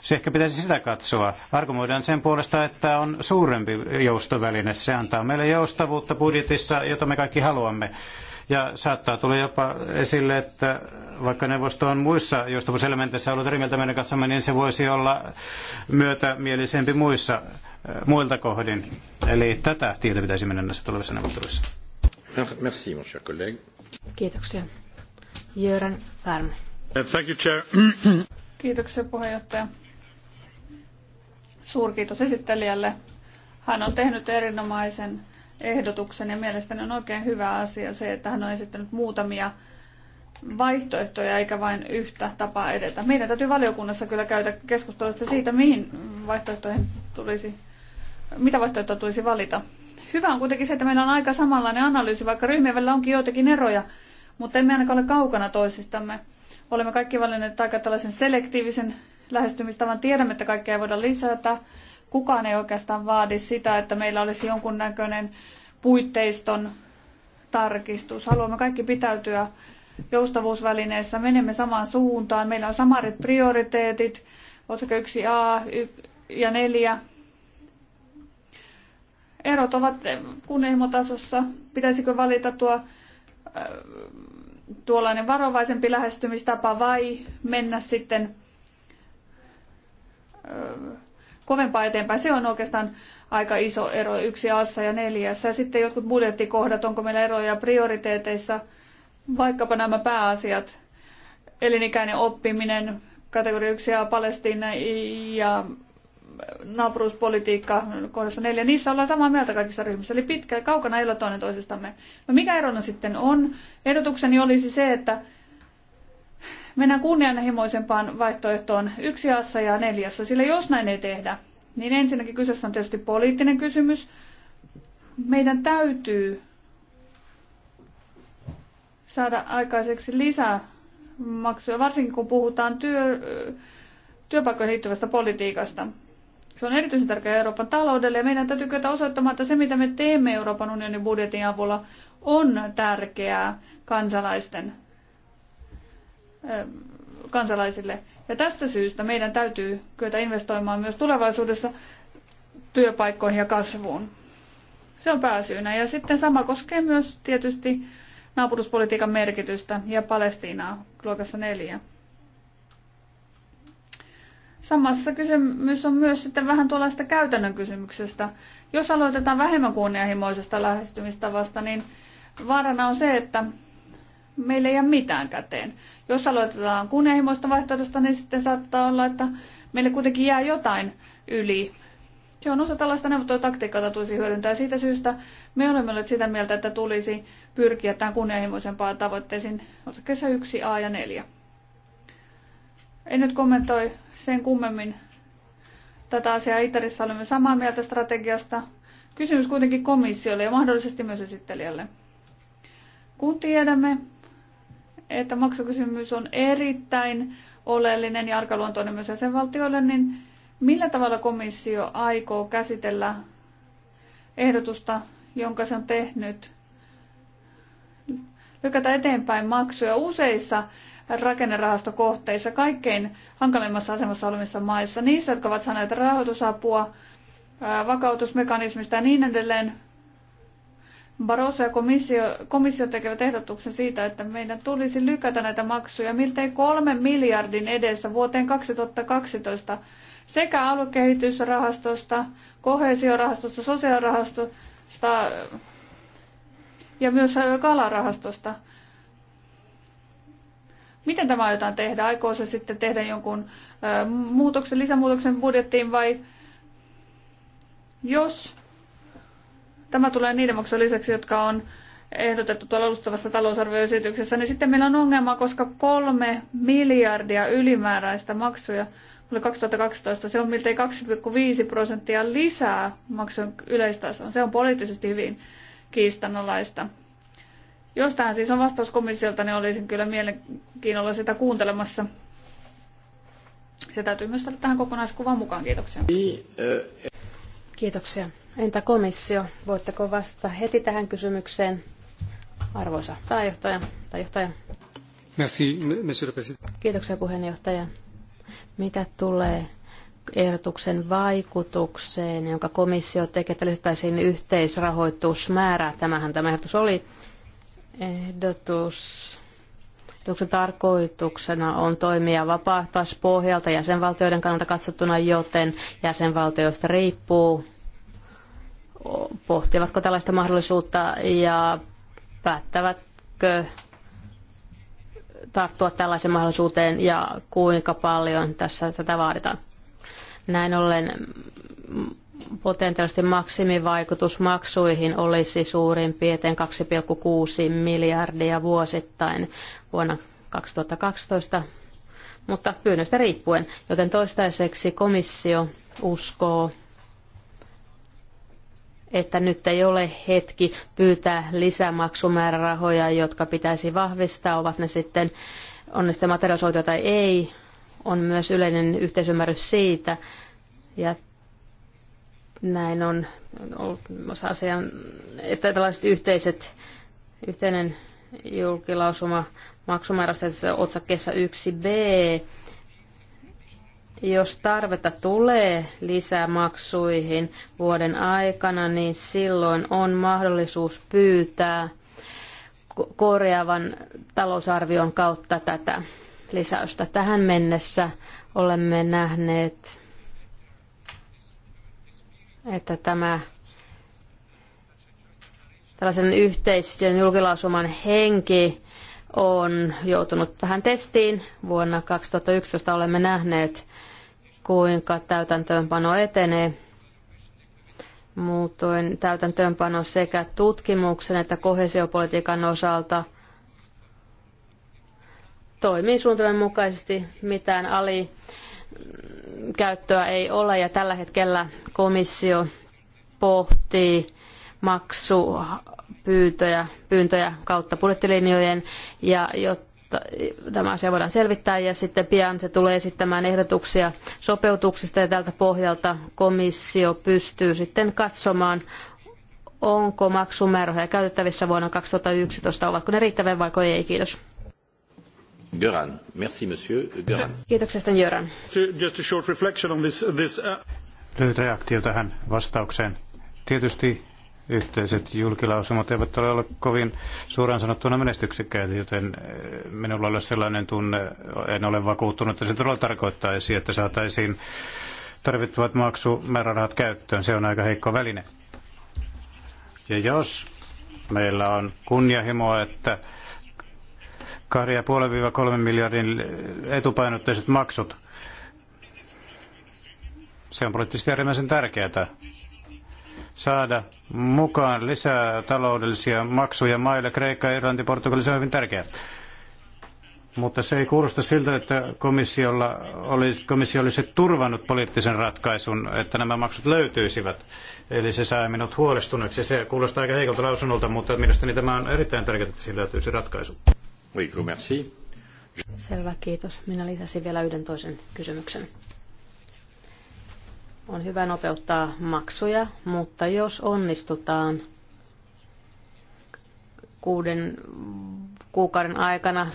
se ehkä pitäisi sitä katsoa. Argumoidaan sen puolesta, että on suurempi joustoväline. Se antaa meille joustavuutta budjetissa, jota me kaikki haluamme. Ja saattaa tulla jopa esille, että vaikka neuvosto on muissa joustavuuselementeissä ollut eri mieltä meidän kanssamme, niin se voisi olla myötämielisempi muissa äh, muilta kohdin. Eli tätä tietä pitäisi mennä näissä tulevissa neuvotteluissa. Merci, mon cher collègue. Kiitoksia. Jörän Färm. Thank you, chair. Kiitoksia puheenjohtaja. Suurkiitos esittelijälle. Hän on tehnyt erinomaisen ehdotuksen ja mielestäni on oikein hyvä asia se, että hän on esittänyt muutamia vaihtoehtoja eikä vain yhtä tapaa edetä. Meidän täytyy valiokunnassa kyllä käydä keskustelua siitä, mihin vaihtoehtoihin tulisi, mitä vaihtoehtoja tulisi valita. Hyvä on kuitenkin se, että meillä on aika samanlainen analyysi, vaikka ryhmien välillä onkin joitakin eroja, mutta emme ainakaan ole kaukana toisistamme. Olemme kaikki valinneet aika tällaisen selektiivisen lähestymistavan. Tiedämme, että kaikkea ei voida lisätä kukaan ei oikeastaan vaadi sitä, että meillä olisi jonkunnäköinen puitteiston tarkistus. Haluamme kaikki pitäytyä joustavuusvälineessä, menemme samaan suuntaan. Meillä on samat prioriteetit, otsake 1a ja 4. Erot ovat kunnianhimotasossa. Pitäisikö valita tuo äh, tuollainen varovaisempi lähestymistapa vai mennä sitten äh, kovempaa eteenpäin. Se on oikeastaan aika iso ero yksi assa ja neljässä. Ja sitten jotkut budjettikohdat, onko meillä eroja prioriteeteissa, vaikkapa nämä pääasiat, elinikäinen oppiminen, kategoria 1 ja Palestiina ja naapuruuspolitiikka kohdassa neljä, niissä ollaan samaa mieltä kaikissa ryhmissä, eli pitkä, kaukana ei ole toinen toisistamme. No mikä erona sitten on? Ehdotukseni olisi se, että mennään kunnianhimoisempaan vaihtoehtoon yksi assa ja neljässä, sillä jos näin ei tehdä, niin ensinnäkin kyseessä on tietysti poliittinen kysymys. Meidän täytyy saada aikaiseksi lisää maksuja, varsinkin kun puhutaan työ, työpaikkoihin liittyvästä politiikasta. Se on erityisen tärkeää Euroopan taloudelle ja meidän täytyy kyetä osoittamaan, että se mitä me teemme Euroopan unionin budjetin avulla on tärkeää kansalaisten kansalaisille. Ja tästä syystä meidän täytyy kyetä investoimaan myös tulevaisuudessa työpaikkoihin ja kasvuun. Se on pääsyynä. Ja sitten sama koskee myös tietysti naapuruspolitiikan merkitystä ja Palestiinaa luokassa neljä. Samassa kysymys on myös sitten vähän tuollaista käytännön kysymyksestä. Jos aloitetaan vähemmän kunnianhimoisesta lähestymistavasta, niin vaarana on se, että meille ei ole mitään käteen. Jos aloitetaan kunnianhimoista vaihtoehtoista, niin sitten saattaa olla, että meille kuitenkin jää jotain yli. Se on osa tällaista neuvottelutaktiikkaa, jota tulisi hyödyntää. Siitä syystä me olemme olleet sitä mieltä, että tulisi pyrkiä tähän kunnianhimoisempaan tavoitteisiin osakkeessa 1a ja 4. En nyt kommentoi sen kummemmin tätä asiaa. Itärissä olemme samaa mieltä strategiasta. Kysymys kuitenkin komissiolle ja mahdollisesti myös esittelijälle. Kun tiedämme, että maksukysymys on erittäin oleellinen ja arkaluontoinen myös jäsenvaltioille, niin millä tavalla komissio aikoo käsitellä ehdotusta, jonka se on tehnyt lykätä eteenpäin maksuja useissa rakennerahastokohteissa kaikkein hankalimmassa asemassa olevissa maissa, niissä, jotka ovat saaneet rahoitusapua, vakautusmekanismista ja niin edelleen, Barroso ja komissio, komissio tekevät ehdotuksen siitä, että meidän tulisi lykätä näitä maksuja miltei kolmen miljardin edessä vuoteen 2012 sekä aluekehitysrahastosta, kohesiorahastosta, sosiaalirahastosta äh, ja myös äh, kalarahastosta. Miten tämä aiotaan tehdä? Aikoo se sitten tehdä jonkun äh, muutoksen, lisämuutoksen budjettiin vai jos tämä tulee niiden maksujen lisäksi, jotka on ehdotettu tuolla alustavassa talousarvioesityksessä, niin sitten meillä on ongelma, koska kolme miljardia ylimääräistä maksuja oli 2012, se on miltei 2,5 prosenttia lisää maksujen yleistasoon. Se on poliittisesti hyvin kiistanalaista. Jos tähän siis on vastaus komissiolta, niin olisin kyllä mielenkiinnolla sitä kuuntelemassa. Se täytyy myös tähän kokonaiskuvaan mukaan. Kiitoksia. Niin, e- Kiitoksia. Entä komissio, voitteko vastata heti tähän kysymykseen, arvoisa pääjohtaja Merci, monsieur le président. Kiitoksia puheenjohtaja. Mitä tulee ehdotuksen vaikutukseen, jonka komissio tekee, että lisättäisiin yhteisrahoitusmäärää. Tämähän tämä ehdotus oli. Ehdotus Ehdotuksen tarkoituksena on toimia vapaaehtoispohjalta jäsenvaltioiden kannalta katsottuna, joten jäsenvaltioista riippuu, pohtivatko tällaista mahdollisuutta ja päättävätkö tarttua tällaiseen mahdollisuuteen ja kuinka paljon tässä tätä vaaditaan. Näin ollen potentiaalisesti maksimivaikutus maksuihin olisi suurin piirtein 2,6 miljardia vuosittain vuonna 2012, mutta pyynnöstä riippuen, joten toistaiseksi komissio uskoo, että nyt ei ole hetki pyytää lisämaksumäärärahoja, jotka pitäisi vahvistaa, ovat ne sitten, onnistuja materiaalisoituja tai ei. On myös yleinen yhteisymmärrys siitä, ja näin on ollut asian, että tällaiset yhteiset, yhteinen julkilausuma maksumäärästä otsakkeessa 1b jos tarvetta tulee lisää maksuihin vuoden aikana, niin silloin on mahdollisuus pyytää korjaavan talousarvion kautta tätä lisäystä. Tähän mennessä olemme nähneet, että tämä tällaisen yhteisen julkilausuman henki on joutunut tähän testiin. Vuonna 2011 olemme nähneet, kuinka täytäntöönpano etenee. Muutoin täytäntöönpano sekä tutkimuksen että kohesiopolitiikan osalta toimii suunnitelman mukaisesti. Mitään alikäyttöä ei ole ja tällä hetkellä komissio pohtii maksupyyntöjä pyyntöjä kautta budjettilinjojen ja jotta jotta tämä asia voidaan selvittää ja sitten pian se tulee esittämään ehdotuksia sopeutuksista ja tältä pohjalta komissio pystyy sitten katsomaan, onko maksumäärärahoja käytettävissä vuonna 2011, ovatko ne riittäviä vai ei. Kiitos. Göran. Merci, monsieur Göran. Kiitoksesta, Göran. Just a short reflection on this, this, uh... Lyhyt reaktio tähän vastaukseen. Tietysti yhteiset julkilausumat eivät ole olleet kovin suoraan sanottuna menestyksekkäitä, joten eh, minulla on sellainen tunne, en ole vakuuttunut, että se todella tarkoittaisi, että saataisiin tarvittavat maksumäärärahat käyttöön. Se on aika heikko väline. Ja jos meillä on kunnianhimoa, että 2,5-3 miljardin etupainotteiset maksut, se on poliittisesti äärimmäisen tärkeää saada mukaan lisää taloudellisia maksuja maille. Kreikka, Irlanti, Portugali, se on hyvin tärkeää. Mutta se ei kuulosta siltä, että komissiolla oli komissio olisi turvannut poliittisen ratkaisun, että nämä maksut löytyisivät. Eli se sai minut huolestuneeksi. Se kuulostaa aika heikolta lausunnolta, mutta mielestäni tämä on erittäin tärkeää, että sillä löytyisi ratkaisu. Oui, merci. Selvä, kiitos. Minä lisäsin vielä yhden toisen kysymyksen. On hyvä nopeuttaa maksuja, mutta jos onnistutaan kuuden kuukauden aikana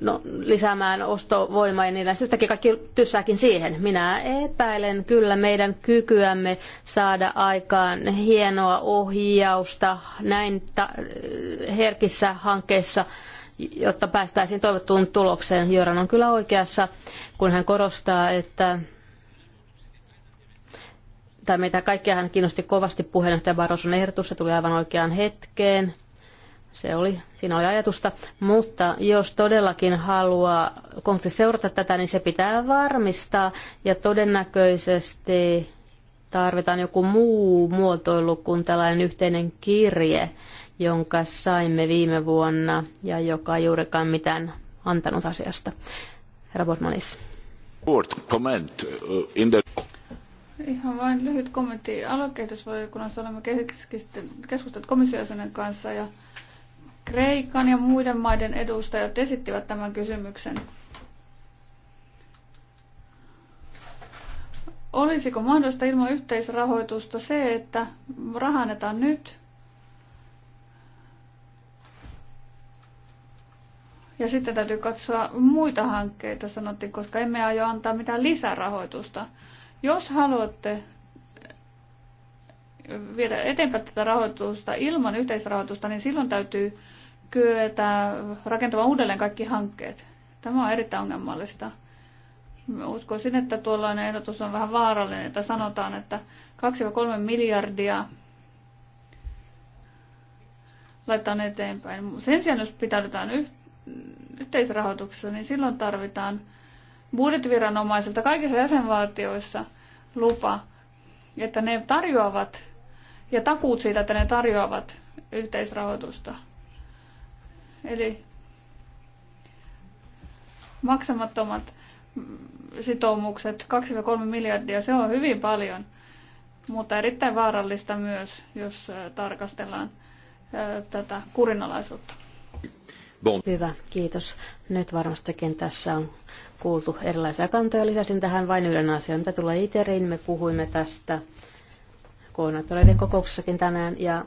no, lisäämään ostovoimaa niin, niillä yhtäkkiä kaikki tyssääkin siihen. Minä epäilen kyllä meidän kykyämme saada aikaan hienoa ohjausta näin herkissä hankkeissa, jotta päästäisiin toivottuun tulokseen. Jöran on kyllä oikeassa, kun hän korostaa, että tai meitä kaikkia hän kiinnosti kovasti puheenjohtaja Barroson ehdotus, se tuli aivan oikeaan hetkeen. Se oli, siinä oli ajatusta, mutta jos todellakin haluaa konkreettisesti seurata tätä, niin se pitää varmistaa ja todennäköisesti tarvitaan joku muu muotoilu kuin tällainen yhteinen kirje, jonka saimme viime vuonna ja joka ei juurikaan mitään antanut asiasta. Herra Bortmanis. Comment uh, in the... Ihan vain lyhyt kommentti. Aluekehitysvaliokunnassa olemme keskustelleet komissiojäsenen kanssa ja Kreikan ja muiden maiden edustajat esittivät tämän kysymyksen. Olisiko mahdollista ilman yhteisrahoitusta se, että rahannetaan nyt Ja sitten täytyy katsoa muita hankkeita, sanottiin, koska emme aio antaa mitään lisärahoitusta. Jos haluatte viedä eteenpäin tätä rahoitusta ilman yhteisrahoitusta, niin silloin täytyy kyetä rakentamaan uudelleen kaikki hankkeet. Tämä on erittäin ongelmallista. Uskoisin, että tuollainen ehdotus on vähän vaarallinen, että sanotaan, että 2-3 miljardia laitetaan eteenpäin. Sen sijaan, jos pitäydytään yhteisrahoituksessa, niin silloin tarvitaan budjettiviranomaisilta kaikissa jäsenvaltioissa lupa, että ne tarjoavat ja takuut siitä, että ne tarjoavat yhteisrahoitusta. Eli maksamattomat sitoumukset, 2-3 miljardia, se on hyvin paljon, mutta erittäin vaarallista myös, jos äh, tarkastellaan äh, tätä kurinalaisuutta. Bon. Hyvä, kiitos. Nyt varmastikin tässä on kuultu erilaisia kantoja. Lisäsin tähän vain yhden asian, mitä tulee ITERiin. Me puhuimme tästä koordinaattoreiden kokouksessakin tänään ja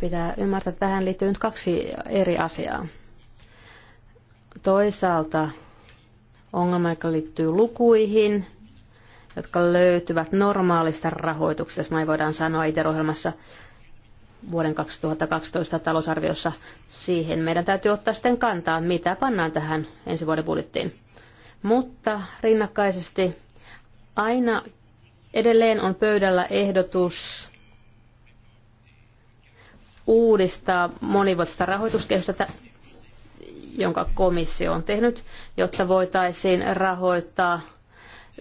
pitää ymmärtää, että tähän liittyy nyt kaksi eri asiaa. Toisaalta ongelma, joka liittyy lukuihin, jotka löytyvät normaalista rahoituksesta, näin voidaan sanoa ITER-ohjelmassa – vuoden 2012 talousarviossa. Siihen meidän täytyy ottaa sitten kantaa, mitä pannaan tähän ensi vuoden budjettiin. Mutta rinnakkaisesti aina edelleen on pöydällä ehdotus uudistaa monivuotista rahoituskehystä, jonka komissio on tehnyt, jotta voitaisiin rahoittaa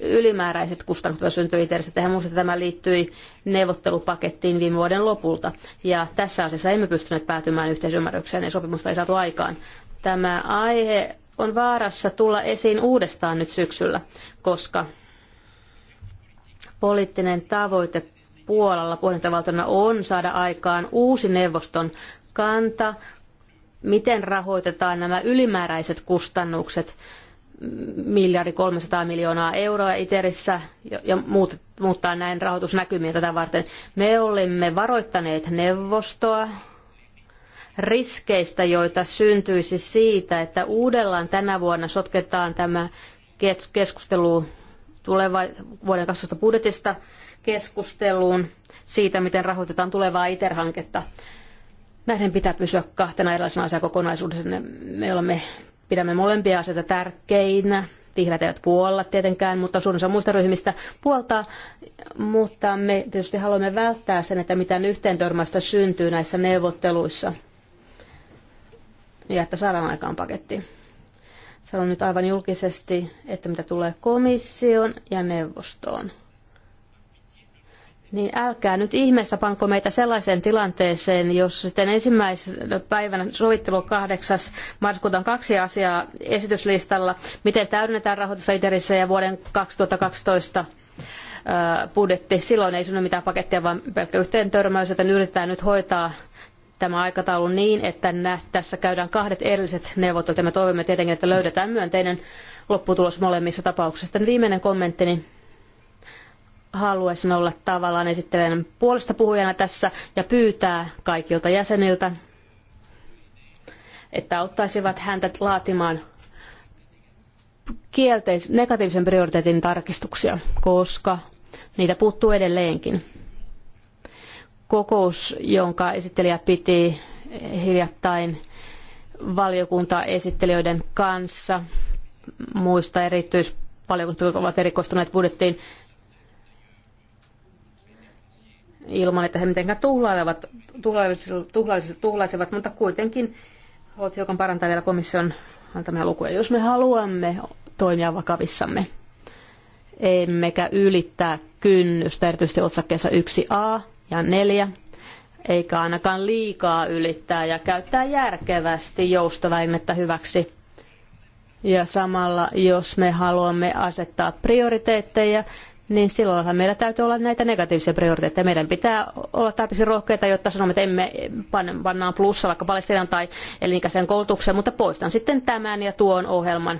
ylimääräiset kustannukset, voivat syntyi itse Tähän muista tämä liittyi neuvottelupakettiin viime vuoden lopulta. Ja tässä asiassa emme pystyneet päätymään yhteisymmärrykseen ja sopimusta ei saatu aikaan. Tämä aihe on vaarassa tulla esiin uudestaan nyt syksyllä, koska poliittinen tavoite Puolalla puheenjohtajavaltiona on saada aikaan uusi neuvoston kanta, miten rahoitetaan nämä ylimääräiset kustannukset miljardi 300 miljoonaa euroa ITERissä ja muut, muuttaa näin rahoitusnäkymiä tätä varten. Me olemme varoittaneet neuvostoa riskeistä, joita syntyisi siitä, että uudellaan tänä vuonna sotketaan tämä keskustelu tuleva, vuoden 12 budjetista keskusteluun siitä, miten rahoitetaan tulevaa ITER-hanketta. Näiden pitää pysyä kahtena erilaisena asiakokonaisuudessa. Me olemme Pidämme molempia asioita tärkeinä. Vihreät eivät puolla tietenkään, mutta suurin osa muista ryhmistä puoltaa. Mutta me tietysti haluamme välttää sen, että mitään yhteentörmäystä syntyy näissä neuvotteluissa. Ja että saadaan aikaan paketti. Sanon nyt aivan julkisesti, että mitä tulee komission ja neuvostoon niin älkää nyt ihmeessä panko meitä sellaiseen tilanteeseen, jos sitten ensimmäisenä päivänä sovittelu kahdeksas marraskuuta on kaksi asiaa esityslistalla, miten täydennetään rahoitusta Iterissä ja vuoden 2012 budjetti. Silloin ei synny mitään pakettia, vaan pelkkä yhteen törmäys, joten yritetään nyt hoitaa tämä aikataulu niin, että tässä käydään kahdet erilliset neuvottelut ja me toivomme tietenkin, että löydetään myönteinen lopputulos molemmissa tapauksissa. Sitten viimeinen kommentti. Niin haluaisin olla tavallaan esittelen puolesta puhujana tässä ja pyytää kaikilta jäseniltä, että auttaisivat häntä laatimaan kielteis- negatiivisen prioriteetin tarkistuksia, koska niitä puuttuu edelleenkin. Kokous, jonka esittelijä piti hiljattain valiokuntaesittelijöiden kanssa, muista erityisvaliokunnista, jotka ovat erikoistuneet budjettiin, ilman, että he mitenkään tuhlailevat, tuhlaisivat, tuhlaisivat, mutta kuitenkin haluat hiukan parantaa vielä komission antamia lukuja. Jos me haluamme toimia vakavissamme, emmekä ylittää kynnystä, erityisesti otsakkeessa 1a ja 4, eikä ainakaan liikaa ylittää ja käyttää järkevästi joustavaimetta hyväksi. Ja samalla, jos me haluamme asettaa prioriteetteja, niin silloinhan meillä täytyy olla näitä negatiivisia prioriteetteja. Meidän pitää olla tarpeeksi rohkeita, jotta sanomme, että emme pannaan plussa vaikka Palestinan tai elinikäisen koulutukseen, mutta poistan sitten tämän ja tuon ohjelman.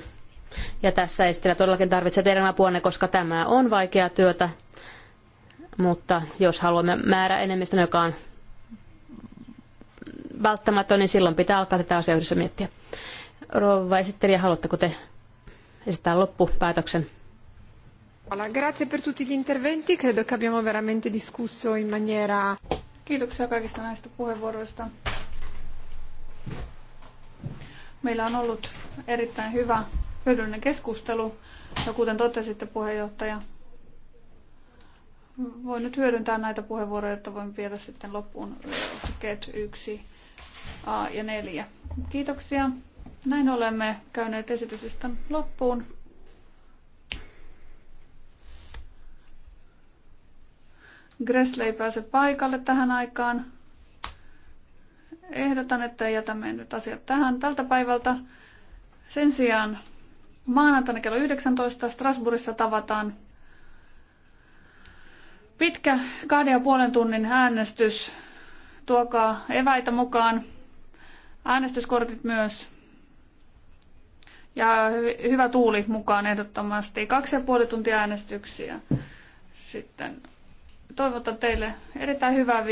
Ja tässä ei todellakin tarvitse teidän apuanne, koska tämä on vaikeaa työtä, mutta jos haluamme määrä enemmistön, joka on välttämätön, niin silloin pitää alkaa tätä asiaa yhdessä miettiä. Rouva esittelijä, haluatteko te esittää loppupäätöksen? Alla, grazie per tutti gli interventi. Credo che abbiamo veramente discusso in maniera... Kiitoksia kaikista näistä puheenvuoroista. Meillä on ollut erittäin hyvä, hyödyllinen keskustelu. Ja kuten totesitte puheenjohtaja, voin nyt hyödyntää näitä puheenvuoroja, jotta voin viedä sitten loppuun ket 1 ja 4. Kiitoksia. Näin olemme käyneet esitysistan loppuun. Gressle ei pääse paikalle tähän aikaan. Ehdotan, että jätämme nyt asiat tähän tältä päivältä. Sen sijaan maanantaina kello 19 Strasbourgissa tavataan pitkä kahden ja puolen tunnin äänestys. Tuokaa eväitä mukaan. Äänestyskortit myös. Ja hyvä tuuli mukaan ehdottomasti. Kaksi ja puoli tuntia äänestyksiä sitten toivotan teille erittäin hyvää